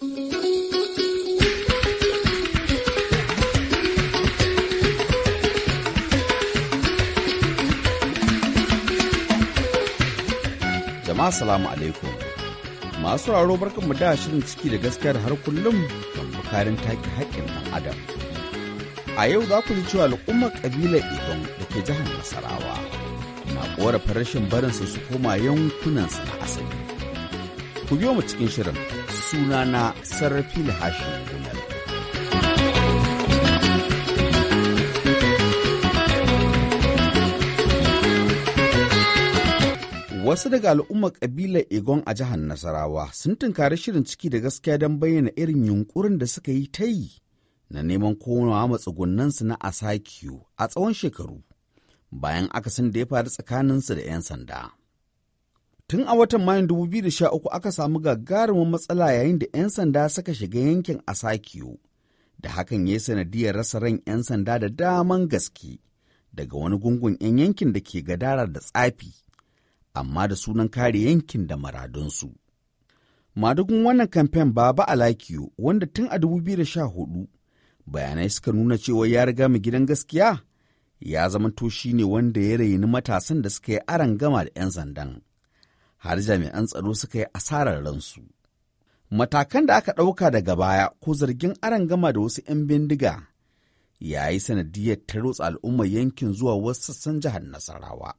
Jama'a salamu alaikum. Masu raro barkanmu da shirin ciki da gaskiyar har kullum kan bukarin take haƙƙin ɗan adam. A yau za ku ji cewa al'ummar ƙabilar Ibon da ke jihar Nasarawa na ƙorafin rashin barinsa su koma yankunansa na asali. Ku biyo mu cikin shirin sunana sarrafil hashin wasu daga al'ummar ƙabilar egon a jihar nasarawa sun tunkari shirin ciki da gaskiya don bayyana irin yunkurin da suka yi ta yi na neman komawa matsugunansu na asakiyo a tsawon shekaru bayan aka akasin da ya faru tsakaninsu da 'yan sanda Tun a watan Mayun 2013 aka samu gagarumin matsala yayin da 'yan sanda suka shiga yankin Asakiyo, da hakan ya yi sanadiyar rasa ran 'yan sanda da daman gaske daga wani gungun 'yan yankin da ke gadara da tsafi, amma da sunan kare yankin da maradunsu. Madugun wannan kamfen Baba Lakiyo, wanda tun a 2014 bayanai suka nuna cewa ya riga mu gidan gaskiya, ya zama to ne wanda ya raini matasan da suka yi aran gama da 'yan sandan. har jami'an tsaro suka yi asarar ransu. Matakan da aka ɗauka daga baya ko zargin gama da wasu 'yan bindiga ya yi sanadiyar tarotsa al'ummar yankin zuwa wasu sassan jihar Nasarawa.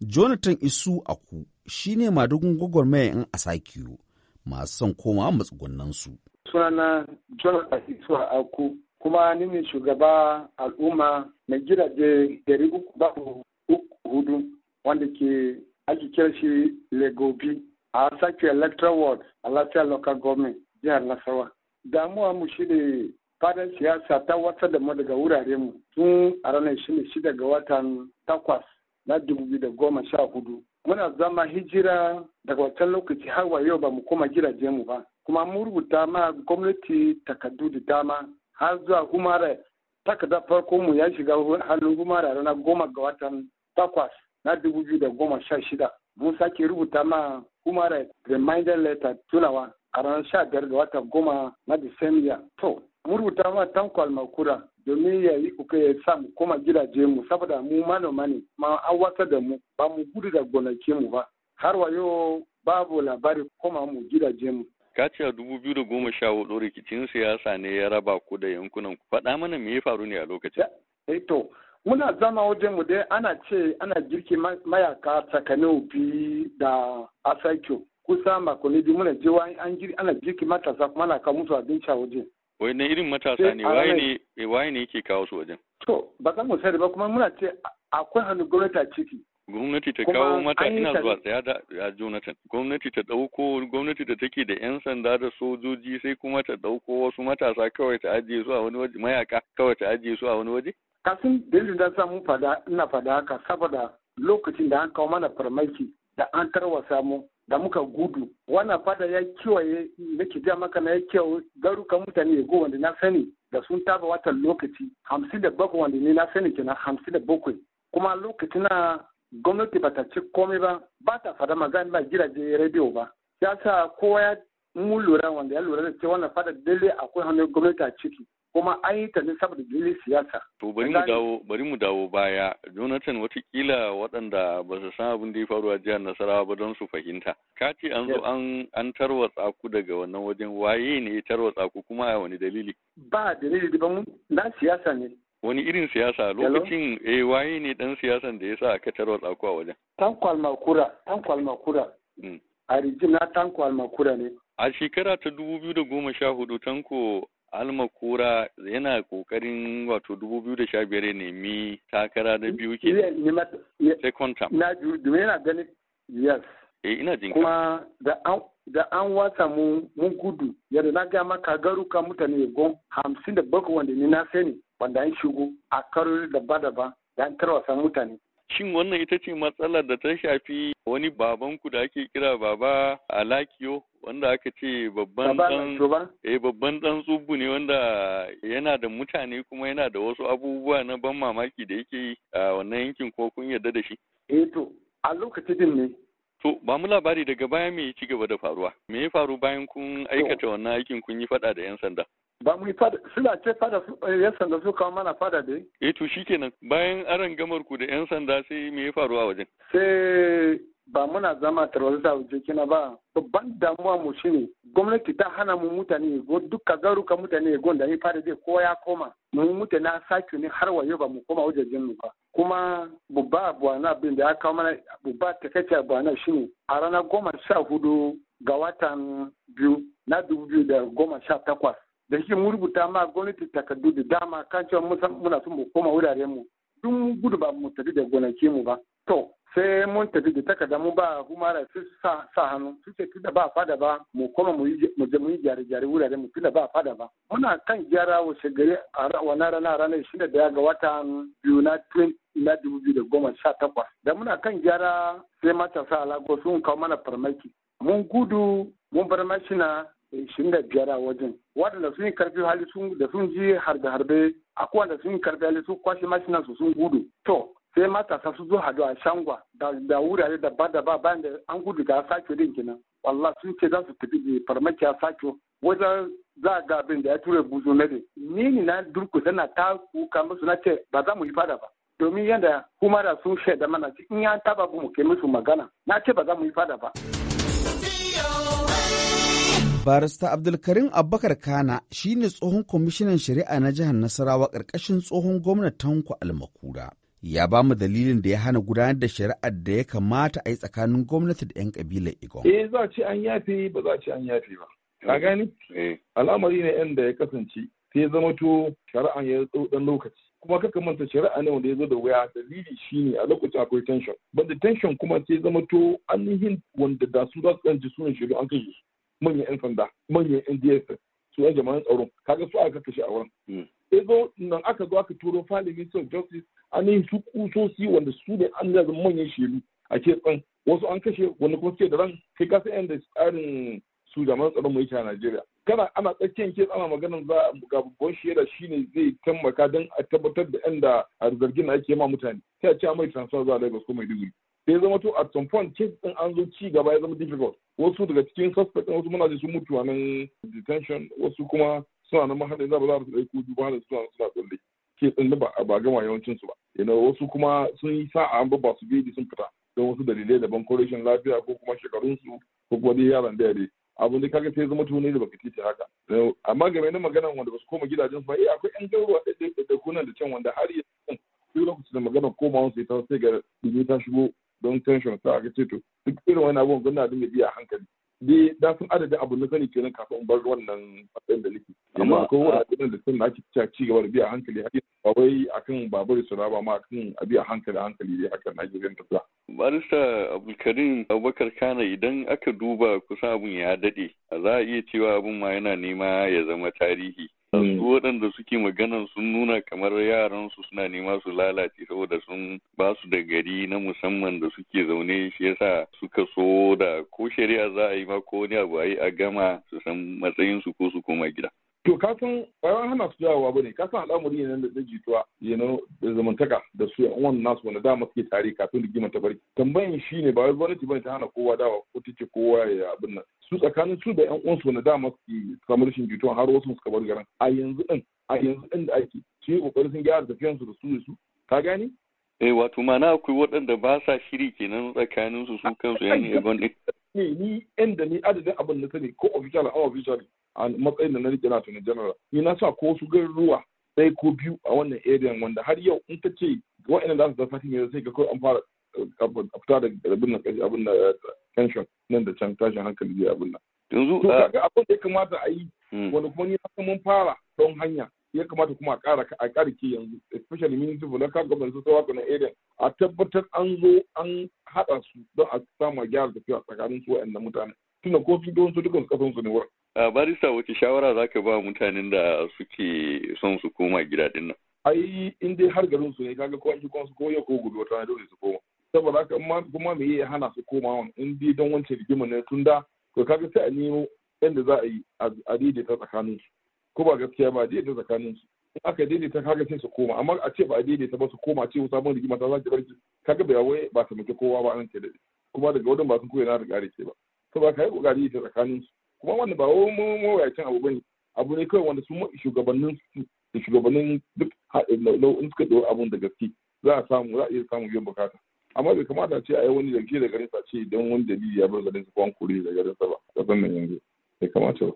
Jonathan Isu Aku shi ne madugun gwagwarmaya 'yan Asakiyo masu son komawa matsugunansu. Sunana Jonathan Isu Aku kuma ni ne shugaba al'umma na gidaje dari uku hudu wanda ke ake kira shi legobi a sake electoral ward a lafiya local government jihar nasarawa damuwa mu shi ne fadar siyasa ta wasa da mu daga wurare mu tun a ranar shi shida ga watan takwas na dubu biyu da goma sha hudu muna zama hijira daga wancan lokaci har wa yau ba mu koma gidaje mu ba kuma mun rubuta ma gwamnati takardu da dama har zuwa humara takarda farko mu ya shiga hannun humara ranar goma ga watan takwas na dubu biyu da goma sha shida mun sake rubuta ma human rights reminder letter tunawa a ranar sha biyar da wata goma na disembia to mun rubuta ma tanko almakura domin ya yi kuka ya sa mu koma gidaje mu saboda mu manoma ne ma an wasa da mu ba mu gudu da gonaki mu ba har wa yau babu labari koma mu gidaje mu kaciya dubu biyu da goma sha hudu rikicin siyasa ne ya raba ku da yankunan ku faɗa mana me ya faru ne a lokacin eh to muna zama wajen mu dai ana ce ana girki mayaka tsakanin obi da asakyo kusa makonni biyu muna je an girki ana girki matasa kuma ana kawo musu abinci a wajen wai na irin matasa ne waye ne eh, waye ne yake kawo su wajen to ba za mu sani ba kuma muna ce akwai hannu gwamnati a ciki gwamnati ta kawo mata ina zuwa tsaya da jonathan gwamnati ta ɗauko gwamnati da take da yan sanda da sojoji sai kuma ta ɗauko wasu matasa kawai ta ajiye su a wani waje mayaka kawai ta ajiye su a wani waje kasin yanzu da samu fada ina fada haka saboda lokacin da an kawo mana farmaki da an tarwasa mu da muka gudu wannan fada ya kiwaye ke ja maka na ya kiwaye garuka mutane ya go wanda na sani da sun taba watan lokaci hamsin da bakwai wanda ne na sani kenan hamsin da bakwai kuma lokacin na gwamnati bata ci komai ba ba ta fada magana ba gidaje rediyo ba ya sa kowa ya mun lura wanda ya lura da cewa wannan fada dole akwai hannun gwamnati a ciki kuma an yi ta ne saboda dalilin siyasa. To bari mu dawo bari mu dawo baya Jonathan watakila waɗanda ba su san abin da ya faru a jihar Nasarawa ba don su fahimta. Ka ce an zo an an tarwatsa ku daga wannan wajen waye ne ya tarwatsa ku kuma a wani dalili? Ba dalili ba mu na siyasa ne. Wani irin siyasa lokacin eh waye ne dan siyasan da ya sa aka tarwatsa ku a wajen? Tankwal Makura, Tankwal Makura. Mm. A rijina Tankwal Makura ne. A shekara ta dubu biyu da goma sha hudu tanko alma kura yana kokarin wato 2015 ya nemi takara da biyu ke second term na domin yana ganin yes e ina jin kuma da an da an wasa mu mun gudu yadda na ga maka garuka mutane gon hamsin da bakwai wanda ni na sani wanda an shigo a karori daba-daba da an tarwasa mutane Shin wannan ita ce matsalar da ta shafi wani babanku da ake kira baba Alakiyo wanda aka ce babban dan eh, tsubu ne wanda yana da mutane kuma yana da wasu abubuwa na ban mamaki da yake yi a wannan yankin ko kun yarda da shi? Eh to a lokacin ne To ba mu labari daga baya me ya ci gaba da faruwa? Me ya faru bayan kun aikata wannan aikin kun yi faɗa da 'yan sanda? ba mu yi fada suna ce fada eh, yan sanda su kawo mana fada da eh to kenan bayan aran gamar ku da yan sanda sai me ya faru a wajen sai ba muna zama terrorist a wajen kina ba babban damuwa mu shine gwamnati ta hana mu mutane go duka garuka mutane go da ya fara zai ko ya koma mu mutane na sake ne har wayo ba mu koma wajen mu ba kuma bubba abuwana abin da ya kawo mana bubba takaice abuwana shine a ranar goma sha hudu ga watan biyu na dubu biyu da goma sha takwas da shi mu rubuta ma gwamnati takardu da dama kan cewa muna son mu koma wuraren mu duk gudu ba mu tafi da gonaki mu ba to sai mun tafi da takarda mu ba kuma da su sa hannu su ce tunda ba fada ba mu koma mu yi mu yi gyare gyare wuraren mu tunda ba fada ba muna kan gyara wace gari a wannan rana ranar shida da ya ga watan biyu na na dubu biyu da goma sha takwas da muna kan gyara sai matasa alago sun kawo mana farmaki mun gudu mun bar mashina ishirin da biyar a wajen waɗanda sun yi karfi hali sun da sun ji harbe-harbe akwai wanda sun yi karfi hali sun kwashe mashinan su sun gudu to sai matasa su zo hadu a shangwa da wurare da ba bayan da an gudu ga sake din kenan wallah sun ce za su tafi da farmaki a sake wajen za ga abin da ya ture buzu na de ni ni na durku tana ta kuka musu na ce ba za mu yi fada ba domin yadda kuma da sun shaida mana in ya taba mu ke musu magana na ce ba za mu yi fada ba. Barista Abdulkarim Abubakar Kana shi ne tsohon kwamishinan shari'a na jihar Nasarawa ƙarƙashin tsohon gwamnatin Tanko Almakura. Ya ba mu dalilin da ya hana gudanar da shari'ar da ya kamata a yi tsakanin gwamnati da 'yan ƙabilar Igbo. Eh za ce an yafe ba za ce an yafe ba. Ka gani? Eh. Al'amari ne yan da ya kasance sai zama to shari'an ya tsau ɗan lokaci. kuma kaka manta shari'a ne wanda ya zo da waya dalili shine a lokacin akwai tension banda tension kuma sai zama to an hin wanda da su za su ɗan ji sunan shiru an kai su manyan 'yan sanda manyan 'yan ds su yan jama'an tsaron kaga su aka kashe a wurin sai hmm. zo nan aka zo aka turo fali minister of justice an yi su kusosi wanda su ne an zama manyan shelu a ke tsan wasu an kashe wani kuma suke da ran kai ka san da tsarin su jama'an tsaron mu yake a Najeriya kana ana tsakiyar ke tsana maganar za ga babban shaida shine zai taimaka don a tabbatar da yan da zargin ake ma mutane sai a ce mai transfer zuwa su ko Maiduguri sai zama to at some point case din an zo ci gaba ya zama difficult wasu daga cikin suspect wasu muna ji sun mutu a nan detention wasu kuma suna nan mahalli za ba za su ɗauko duba da suna suna tsalle ke tsalle ba gama yawancin su ba yana wasu kuma sun yi sa'a an ba su bidi sun fita don wasu dalilai daban ko rashin lafiya ko kuma shekarun su ko kuma dai yaran da yare abu ne kaga sai zama ne da baka titi haka amma game da maganar wanda ba su koma gidajen su ba eh akwai yan gauruwa da da kunan da can wanda har yanzu duk lokacin da maganar komawa sai ta sai ga dubi ta shigo don tension sai aka ce to duk irin wani abubuwan gwamna da mai biya hankali dai da sun adadin abu na sani kenan kafin bar wannan matsayin da nake amma akwai wuraren da sun ake cewa ci gaba da biya hankali har ba wai akan babur su raba ma akan a biya hankali hankali dai akan Najeriya tafiya barista Abdulkarim Abubakar Kana idan aka duba kusan abun ya dade za a iya cewa abun ma yana nema ya zama tarihi wasu mm. waɗanda suke magana sun nuna kamar yaran su suna nema su lalace saboda sun ba su da gari na musamman da suke zaune shi yasa suka so da ko shari'a za a yi ma ko wani abu a yi a gama su san matsayin su ko su koma gida. To kasan san bayan hana su jawowa bane ka san al'amuri ne da jituwa you know da zamantaka da su yan uwan nasu wanda dama suke tare kafin rigimar ta bari. Tambayan shi ne ba wai gwamnati bane ta hana kowa dawa ko ta ce kowa ya abin nan. su tsakanin su da yan uwansu na dama su samu rashin jituwa har wasu suka bar garin a yanzu din a yanzu din da ake su yi kokarin sun gyara tafiyan da su da su ka gane eh wato mana akwai waɗanda ba sa shiri kenan tsakanin su su kansu yan ne? din ne ni inda ni adadin abin na sani ko official or official a matsayin da na rike na tunan general ni na sa ko su ruwa ɗaya ko biyu a wannan area wanda har yau in ta ce wa'annan za su zafa ne sai ga kawai an fara a fita da abin nan kashi abin da tension nan da can tashin hankali zai abin nan yanzu kaga abin da ya kamata a yi hmm. wani kuma ni haka mun fara don hanya ya kamata kuma a ƙara a ƙara yanzu especially municipal na kaga gwamnati su sawa na area a tabbatar an zo an haɗa su don a samu gyara tafiya tsakanin su wa'annan mutane tunda ko su don su dukkan kasan su ne wurin a barista wace shawara za ka ba mutanen da suke son su koma gida din nan ai in dai har garin su ne kaga ko an ki kwan su ko yau ko gobe wata dole su koma saboda haka kuma me ya hana su komawa in dai don wancan rigima ne tun da to kaga sai a nemo yadda za a yi a daidaita tsakanin su ko ba gaskiya ba daidaita tsakanin su in aka daidaita kaga sai su koma amma a ce ba a daidaita ba su koma ce sabon rigima ta zaki barki kaga bai wai ba ta muke kowa ba nan ke da kuma daga wurin ba sun koyi na da kare ce ba saboda yi kokari ta tsakanin su kuma wanda ba wai mawayacin abu bane abu ne kawai wanda su shugabannin su da shugabannin duk nau'in suka ɗau abun da gaske za a samu za a iya samun biyan bukata amma bai kamata ce a yi wani zargi da garinsa ce idan wani dalili ya bar garinsa ko an kore da garinsa ba kasan nan yanzu bai kamata ba.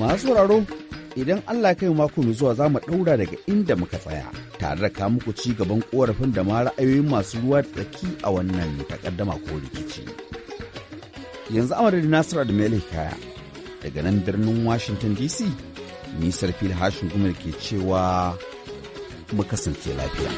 Masu sauraro idan Allah kai mako mai zuwa za mu ɗaura daga inda muka tsaya tare da kawo muku ci gaban korafin da ma ra'ayoyin masu ruwa da tsaki a wannan takaddama ko rikici. Yanzu amadadi Nasiru da Kaya daga nan birnin Washington DC, nisar fil hashim gumar ke cewa muka kasance lafiya.